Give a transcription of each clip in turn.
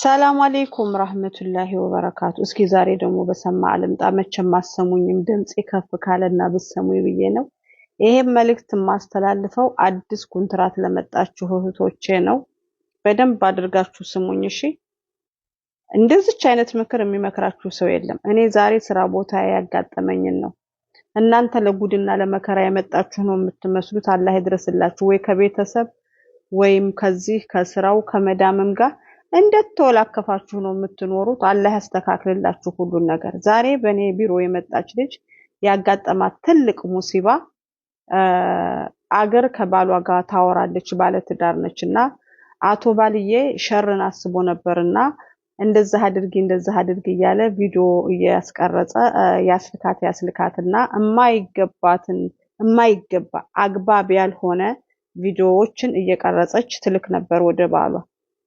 ሰላም አሌይኩም ራህመቱላሂ ወበረካቱ። እስኪ ዛሬ ደግሞ በሰማ አልምጣ መቼም አሰሙኝም ድምፅ ከፍ ካለና ብሰሙኝ ብዬ ነው። ይሄም መልእክት የማስተላልፈው አዲስ ኩንትራት ለመጣችሁ እህቶቼ ነው። በደንብ አድርጋችሁ ስሙኝ እሺ። እንደዚች አይነት ምክር የሚመክራችሁ ሰው የለም። እኔ ዛሬ ስራ ቦታ ያጋጠመኝን ነው። እናንተ ለጉድና ለመከራ የመጣችሁ ነው የምትመስሉት። አላህ ይድረስላችሁ ወይ ከቤተሰብ ወይም ከዚህ ከስራው ከመዳምም ጋር እንደተወላከፋችሁ ነው የምትኖሩት። አላህ ያስተካክልላችሁ ሁሉን ነገር። ዛሬ በእኔ ቢሮ የመጣች ልጅ ያጋጠማት ትልቅ ሙሲባ አገር ከባሏ ጋር ታወራለች። ባለትዳር ነች እና አቶ ባልዬ ሸርን አስቦ ነበር እና እንደዛ አድርጊ እንደዛ አድርጊ እያለ ቪዲዮ እያስቀረጸ ያስልካት ያስልካት እና እማይገባትን አግባብ ያልሆነ ቪዲዮዎችን እየቀረጸች ትልክ ነበር ወደ ባሏ።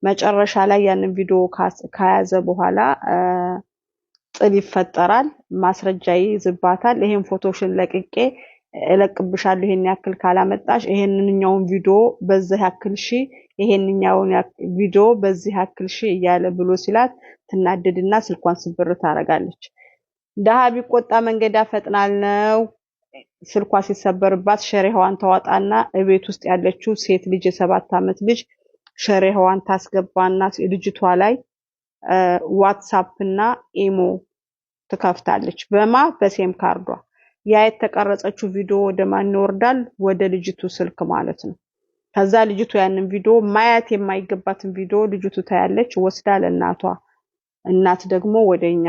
መጨረሻ ላይ ያንን ቪዲዮ ከያዘ በኋላ ጥል ይፈጠራል። ማስረጃ ይዝባታል ይሄን ፎቶሽን ለቅቄ እለቅብሻለሁ ይሄን ያክል ካላመጣሽ ይሄንኛውን ቪዲዮ በዚህ ያክል ሺ ይሄንኛውን ቪዲዮ በዚህ ያክል ሺ እያለ ብሎ ሲላት ትናደድና ስልኳን ስብር ታደርጋለች። ደሃ ቢቆጣ መንገድ ያፈጥናል ነው። ስልኳ ሲሰበርባት ሸሪሃዋን ተዋጣና እቤት ውስጥ ያለችው ሴት ልጅ የሰባት ዓመት ልጅ ታስገባ ታስገባና ልጅቷ ላይ ዋትሳፕ እና ኢሞ ትከፍታለች። በማ በሴም ካርዷ ያ የተቀረጸችው ቪዲዮ ወደ ማን ይወርዳል? ወደ ልጅቱ ስልክ ማለት ነው። ከዛ ልጅቱ ያንን ቪዲዮ ማየት የማይገባትን ቪዲዮ ልጅቱ ታያለች፣ ወስዳ ለእናቷ እናት ደግሞ ወደኛ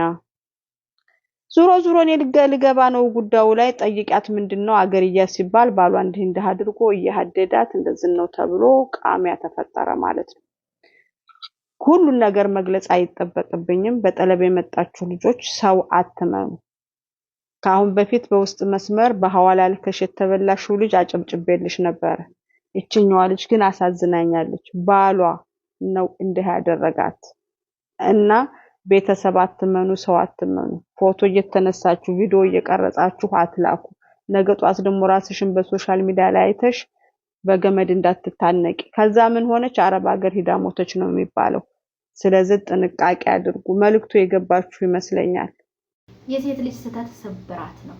ዙሮ ዙሮ እኔ ልገባ ነው ጉዳዩ ላይ ጠይቂያት። ምንድን ነው አገርያ ሲባል ባሏ እንዲህ እንዲህ አድርጎ እያሀደዳት እንደዚህ ነው ተብሎ ቃሚያ ተፈጠረ ማለት ነው። ሁሉን ነገር መግለጽ አይጠበቅብኝም። በጠለብ የመጣችሁ ልጆች ሰው አትመኑ። ከአሁን በፊት በውስጥ መስመር በሐዋላ ልከሽ የተበላሽው ልጅ አጨብጭቤልሽ ነበረ። ይችኛዋ ልጅ ግን አሳዝናኛለች። ባሏ ነው እንዲህ ያደረጋት እና ቤተሰብ አትመኑ፣ ሰው አትመኑ። ፎቶ እየተነሳችሁ ቪዲዮ እየቀረጻችሁ አትላኩ። ነገ ጧት ደግሞ ራስሽን በሶሻል ሚዲያ ላይ አይተሽ በገመድ እንዳትታነቂ። ከዛ ምን ሆነች አረብ ሀገር ሂዳ ሞተች ነው የሚባለው። ስለዚህ ጥንቃቄ አድርጉ። መልክቱ የገባችሁ ይመስለኛል። የሴት ልጅ ስህተት ስብራት ነው።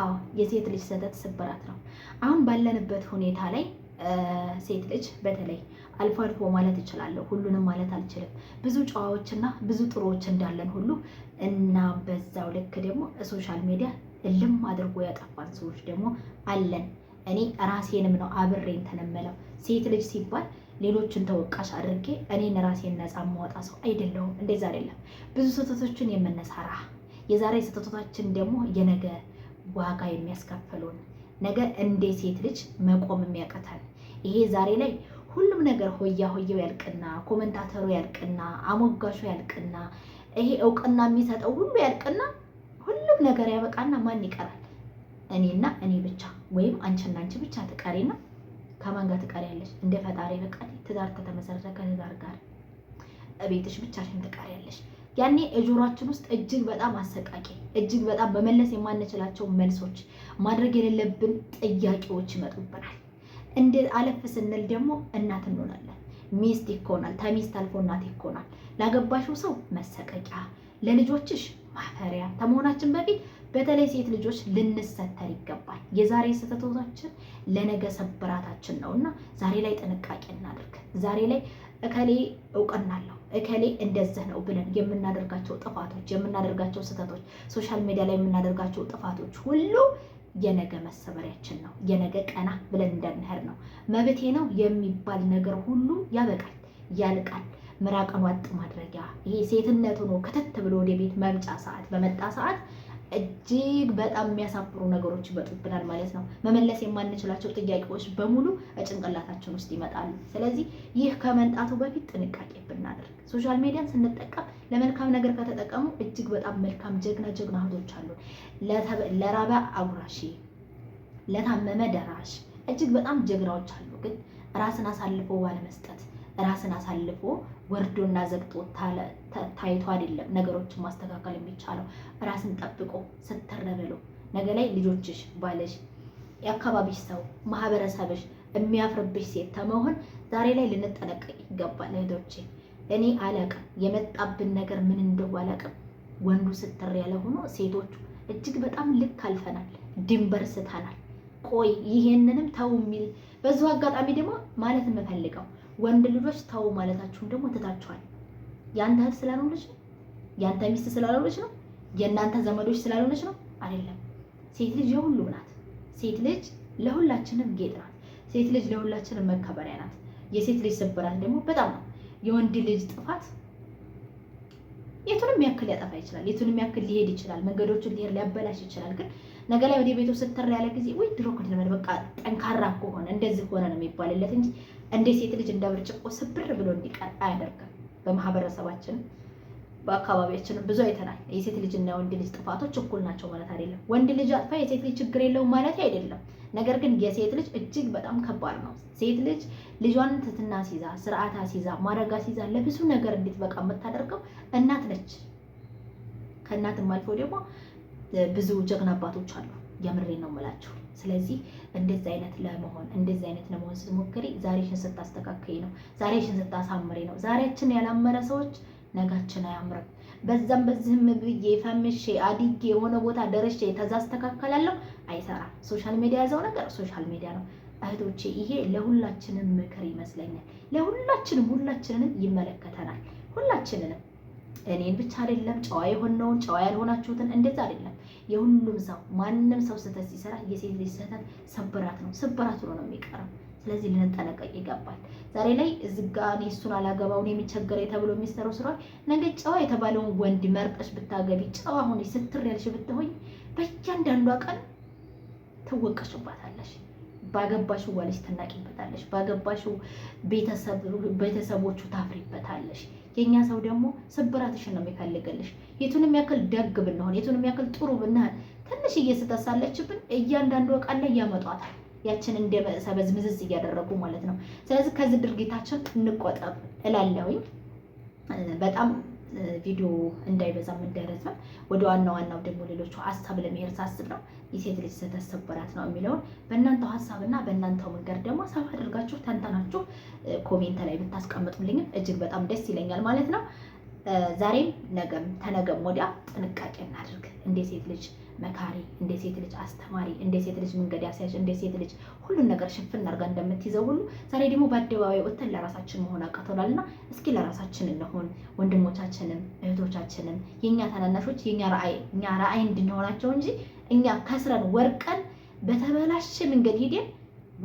አዎ የሴት ልጅ ስህተት ስብራት ነው። አሁን ባለንበት ሁኔታ ላይ ሴት ልጅ በተለይ አልፎ አልፎ ማለት እችላለሁ፣ ሁሉንም ማለት አልችልም። ብዙ ጨዋዎችና ብዙ ጥሩዎች እንዳለን ሁሉ እና በዛው ልክ ደግሞ ሶሻል ሚዲያ እልም አድርጎ ያጠፋን ሰዎች ደግሞ አለን። እኔ ራሴንም ነው አብሬን ተነመለው ሴት ልጅ ሲባል ሌሎችን ተወቃሽ አድርጌ እኔን ራሴን ነፃ የማወጣ ሰው አይደለሁም። እንደዛ አይደለም። ብዙ ስህተቶችን የምንሰራ የዛሬ ስህተቶታችን ደግሞ የነገ ዋጋ የሚያስከፍሉን ነገ እንደ ሴት ልጅ መቆም የሚያቀተን ይሄ ዛሬ ላይ ሁሉም ነገር ሆያ ሆየው ያልቅና ኮመንታተሩ ያልቅና አሞጋሹ ያልቅና ይሄ እውቅና የሚሰጠው ሁሉ ያልቅና ሁሉም ነገር ያበቃና ማን ይቀራል? እኔና እኔ ብቻ ወይም አንቺና አንቺ ብቻ ትቀሪና ከማን ጋር ትቀሪያለሽ? እንደ ፈጣሪ ፈቃድ ትዳር ከተመሰረተ ከትዳር ጋር እቤትሽ ብቻሽን ትቀሪያለሽ። ያኔ እጆሯችን ውስጥ እጅግ በጣም አሰቃቂ እጅግ በጣም በመለስ የማንችላቸው መልሶች ማድረግ የሌለብን ጥያቄዎች ይመጡብናል። እንደ አለፍ ስንል ደግሞ እናት እንሆናለን። ሚስት ይኮናል። ተሚስት አልፎ እናት ይኮናል። ላገባሽው ሰው መሰቀቂያ፣ ለልጆችሽ ማፈሪያ ከመሆናችን በፊት በተለይ ሴት ልጆች ልንሰተር ይገባል። የዛሬ ስህተቶቻችን ለነገ ስብራታችን ነው እና ዛሬ ላይ ጥንቃቄ እናደርግ። ዛሬ ላይ እከሌ እውቅና አለው እከሌ እንደዚህ ነው ብለን የምናደርጋቸው ጥፋቶች፣ የምናደርጋቸው ስህተቶች፣ ሶሻል ሚዲያ ላይ የምናደርጋቸው ጥፋቶች ሁሉ የነገ መሰበሪያችን ነው። የነገ ቀና ብለን እንደንህር ነው። መብቴ ነው የሚባል ነገር ሁሉ ያበቃል፣ ያልቃል። ምራቅን ዋጥ ማድረጊያ ይሄ ሴትነት ሆኖ ክትት ብሎ ወደ ቤት መምጫ ሰዓት በመጣ ሰዓት እጅግ በጣም የሚያሳፍሩ ነገሮች ይመጡብናል ማለት ነው። መመለስ የማንችላቸው ጥያቄዎች በሙሉ ጭንቅላታችን ውስጥ ይመጣሉ። ስለዚህ ይህ ከመምጣቱ በፊት ጥንቃቄ ብናደርግ፣ ሶሻል ሚዲያን ስንጠቀም ለመልካም ነገር ከተጠቀሙ እጅግ በጣም መልካም ጀግና ጀግና እህቶች አሉ። ለራበ አጉራሺ፣ ለታመመ ደራሽ እጅግ በጣም ጀግናዎች አሉ ግን ራስን አሳልፎ ባለመስጠት ራስን አሳልፎ ወርዶና ዘግጦ ታይቶ አይደለም ነገሮችን ማስተካከል የሚቻለው። ራስን ጠብቆ ስትረበሉ ነገ ላይ ልጆችሽ፣ ባለሽ፣ የአካባቢሽ ሰው፣ ማህበረሰብሽ የሚያፍርብሽ ሴት ተመሆን ዛሬ ላይ ልንጠነቀቅ ይገባል። እህቶቼ እኔ አላቅም የመጣብን ነገር ምን እንደው አላቅም። ወንዱ ስትር ያለ ሆኖ ሴቶቹ እጅግ በጣም ልክ አልፈናል፣ ድንበር ስተናል። ቆይ ይሄንንም ተው የሚል በዚሁ አጋጣሚ ደግሞ ማለት የምፈልገው ወንድ ልጆች ተው ማለታችሁን ደግሞ ትታችኋል። ያንተ እህት ስላልሆነች ነው፣ ያንተ ሚስት ስላልሆነች ነው፣ የእናንተ ዘመዶች ስላልሆነች ነው አይደለም። ሴት ልጅ የሁሉም ናት። ሴት ልጅ ለሁላችንም ጌጥ ናት። ሴት ልጅ ለሁላችንም መከበሪያ ናት። የሴት ልጅ ስብራት ደግሞ በጣም ነው። የወንድ ልጅ ጥፋት የቱንም ያክል ሊያጠፋ ይችላል። የቱንም ያክል ሊሄድ ይችላል። መንገዶችን ሊሄድ ሊያበላሽ ይችላል። ግን ነገ ላይ ወደ ቤቱ ስትር ያለ ጊዜ ወይ ድሮ ከድመድ በቃ ጠንካራ ከሆነ እንደዚህ ሆነ ነው የሚባልለት እንጂ እንደ ሴት ልጅ እንደ ብርጭቆ ስብር ብሎ እንዲቀር አያደርግም በማህበረሰባችን በአካባቢያችንም ብዙ አይተናል። የሴት ልጅና የወንድ ልጅ ጥፋቶች እኩል ናቸው ማለት አይደለም። ወንድ ልጅ አጥፋ የሴት ልጅ ችግር የለውም ማለት አይደለም። ነገር ግን የሴት ልጅ እጅግ በጣም ከባድ ነው። ሴት ልጅ ልጇን ትትና ሲዛ፣ ስርዓታ ሲዛ፣ ማረጋ ሲዛ ለብዙ ነገር እንድትበቃ የምታደርገው እናት ነች። ከእናትም አልፎ ደግሞ ብዙ ጀግና አባቶች አሉ። የምሬ ነው የምላችሁ። ስለዚህ እንደዚህ አይነት ለመሆን እንደዚህ አይነት ለመሆን ስትሞክሪ ዛሬሽን ስታስተካከይ ነው፣ ዛሬሽን ስታሳምሪ ነው። ዛሬያችን ያላመረ ሰዎች ነጋችን አያምርም። በዛም በዚህም ብዬ ፈምሼ አድጌ የሆነ ቦታ ደረሼ ተዛ አስተካከላለሁ፣ አይሰራም። ሶሻል ሚዲያ ያዘው ነገር ሶሻል ሚዲያ ነው። እህቶቼ ይሄ ለሁላችንም ምክር ይመስለኛል። ለሁላችንም ሁላችንንም ይመለከተናል። ሁላችንንም እኔን ብቻ አይደለም። ጨዋ የሆነውን ጨዋ ያልሆናችሁትን እንደዛ አይደለም። የሁሉም ሰው ማንም ሰው ስህተት ሲሰራ የሴት ልጅ ስህተት ስብራት ነው። ስብራት ሆኖ ነው የሚቀረው። ስለዚህ ልንጠነቀቅ ይገባል። ዛሬ ላይ እዝጋ እኔ እሱን አላገባውን የሚቸገረ ተብሎ የሚሰራው ስራ ነገ ጨዋ የተባለውን ወንድ መርጠሽ ብታገቢ ጨዋ ሆነ ስትር ያልሽ ብትሆኝ በእያንዳንዷ ቀን ትወቀሱባታለሽ። ባገባሽ ዋልሽ ትናቂበታለሽ። ባገባሽ ቤተሰቦቹ ታፍሪበታለሽ። የእኛ ሰው ደግሞ ስብራትሽን ነው የሚፈልግልሽ። የቱንም ያክል ደግ ብንሆን፣ የቱንም ያክል ጥሩ ብንሆን ትንሽ እየስተሳለችብን እያንዳንዱ እያንዳንዷ ቃል ላይ ያመጧታል። ያችን እንደ ሰበዝ ምዝዝ እያደረጉ ማለት ነው። ስለዚህ ከዚህ ድርጊታችን እንቆጠብ እላለውኝ። በጣም ቪዲዮ እንዳይበዛም እንዳይረዝም ወደ ዋና ዋናው ደግሞ ሌሎቹ ሀሳብ ለመሄድ ሳስብ ነው የሴት ልጅ ስተሰበራት ነው የሚለውን በእናንተው ሀሳብና በእናንተው መንገድ ደግሞ ሰብ አድርጋችሁ ተንተናችሁ ኮሜንት ላይ ብታስቀምጡልኝም እጅግ በጣም ደስ ይለኛል ማለት ነው። ዛሬም ነገም ተነገም ወዲያ ጥንቃቄ እናድርግ እንደ ሴት ልጅ መካሪ፣ እንደ ሴት ልጅ አስተማሪ፣ እንደ ሴት ልጅ መንገድ ያሳያች፣ እንደ ሴት ልጅ ሁሉን ነገር ሽፍን አድርጋ እንደምትይዘው ሁሉ ዛሬ ደግሞ በአደባባይ ወጥተን ለራሳችን መሆን አቅቶናል እና እስኪ ለራሳችን እንሆን። ወንድሞቻችንም እህቶቻችንም የእኛ ታናናሾች የእኛ ራዕይ እንድንሆናቸው እንጂ እኛ ከስረን ወርቀን በተበላሸ መንገድ ሂደን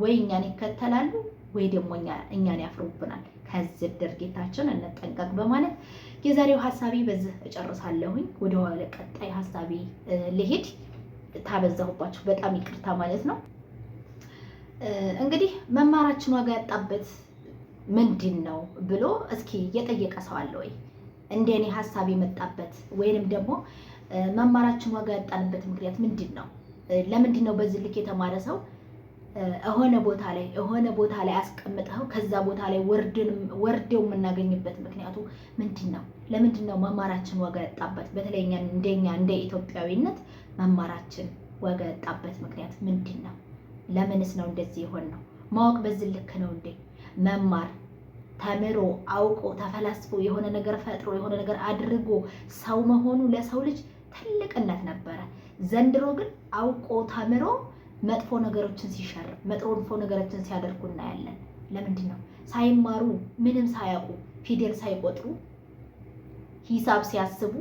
ወይ እኛን ይከተላሉ ወይ ደግሞ እኛን ያፍሩብናል። ከዚህ ድርጊታችን እንጠንቀቅ በማለት የዛሬው ሀሳቤ በዚህ እጨርሳለሁኝ። ወደ ቀጣይ ሀሳቤ ልሄድ ታበዛሁባችሁ፣ በጣም ይቅርታ ማለት ነው። እንግዲህ መማራችን ዋጋ ያጣበት ምንድን ነው ብሎ እስኪ እየጠየቀ ሰው አለ ወይ? እንደ እኔ ሀሳብ የመጣበት ወይንም ደግሞ መማራችን ዋጋ ያጣንበት ምክንያት ምንድን ነው? ለምንድን ነው በዚህ ልክ የተማረ ሰው የሆነ ቦታ ላይ የሆነ ቦታ ላይ አስቀምጠው ከዛ ቦታ ላይ ወርደው የምናገኝበት ምክንያቱ ምንድን ነው? ለምንድን ነው መማራችን ዋጋ ያጣበት? በተለይ እንደኛ እንደ ኢትዮጵያዊነት መማራችን ዋጋ ያጣበት ምክንያት ምንድን ነው? ለምንስ ነው እንደዚህ የሆን ነው? ማወቅ በዚህ ልክ ነው እንዴ? መማር ተምሮ አውቆ ተፈላስፎ የሆነ ነገር ፈጥሮ የሆነ ነገር አድርጎ ሰው መሆኑ ለሰው ልጅ ትልቅነት ነበረ። ዘንድሮ ግን አውቆ ተምሮ መጥፎ ነገሮችን ሲሸር መጥፎ ነገሮችን ሲያደርጉ እናያለን። ለምንድን ነው ሳይማሩ ምንም ሳያውቁ ፊደል ሳይቆጥሩ ሂሳብ ሲያስቡ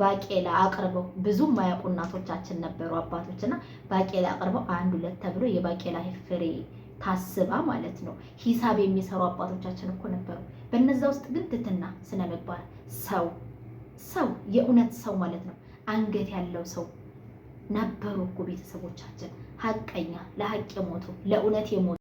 ባቄላ አቅርበው ብዙ ማያውቁ እናቶቻችን ነበሩ፣ አባቶች እና ባቄላ አቅርበው አንድ ሁለት ተብሎ የባቄላ ፍሬ ታስባ ማለት ነው ሂሳብ የሚሰሩ አባቶቻችን እኮ ነበሩ። በነዛ ውስጥ ግን ትትና ስነ ምግባር ሰው ሰው የእውነት ሰው ማለት ነው አንገት ያለው ሰው ነበሩ እኮ ቤተሰቦቻችን። ሀቀኛ ለሀቅ የሞቱ ለእውነት የሞቱ